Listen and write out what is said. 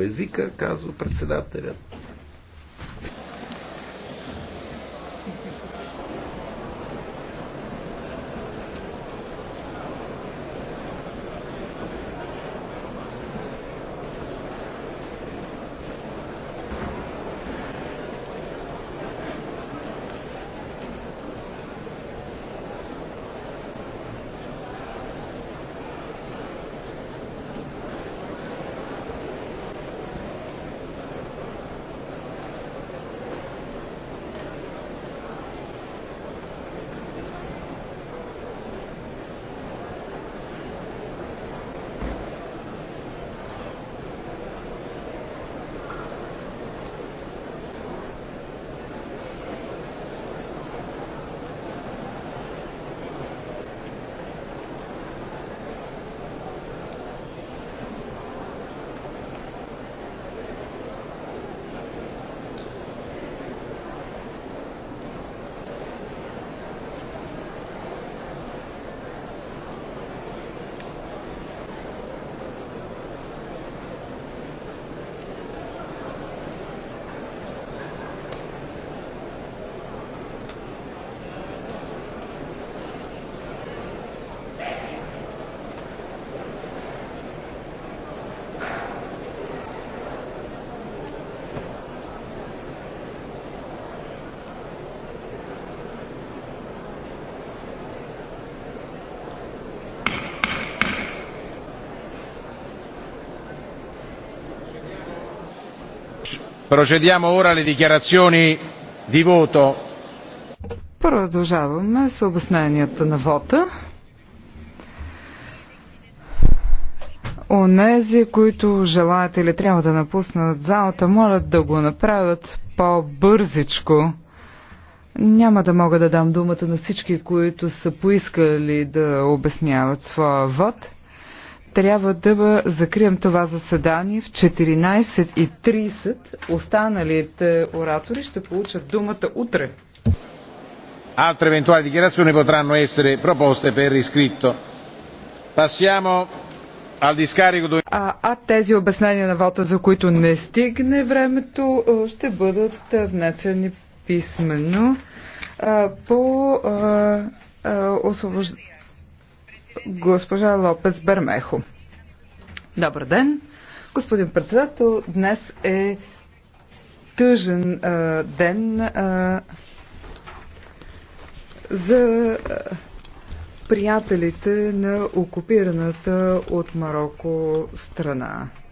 езика, казва председателят. Procediamo ora alle dichiarazioni di voto. Продължаваме с обясненията на вота. Онези, които желаят или трябва да напуснат залата, молят да го направят по-бързичко. Няма да мога да дам думата на всички, които са поискали да обясняват своя вод трябва да закрием това заседание в 14.30. Останалите оратори ще получат думата утре. Altre eventuali dichiarazioni potranno essere proposte per iscritto. Passiamo al discarico dove... А, а тези обяснения на вота, за които не стигне времето, ще бъдат внесени писменно по а, а, освобождение Госпожа Лопес Бермехо. Добър ден. Господин председател, днес е тъжен а, ден а, за приятелите на окупираната от Марокко страна.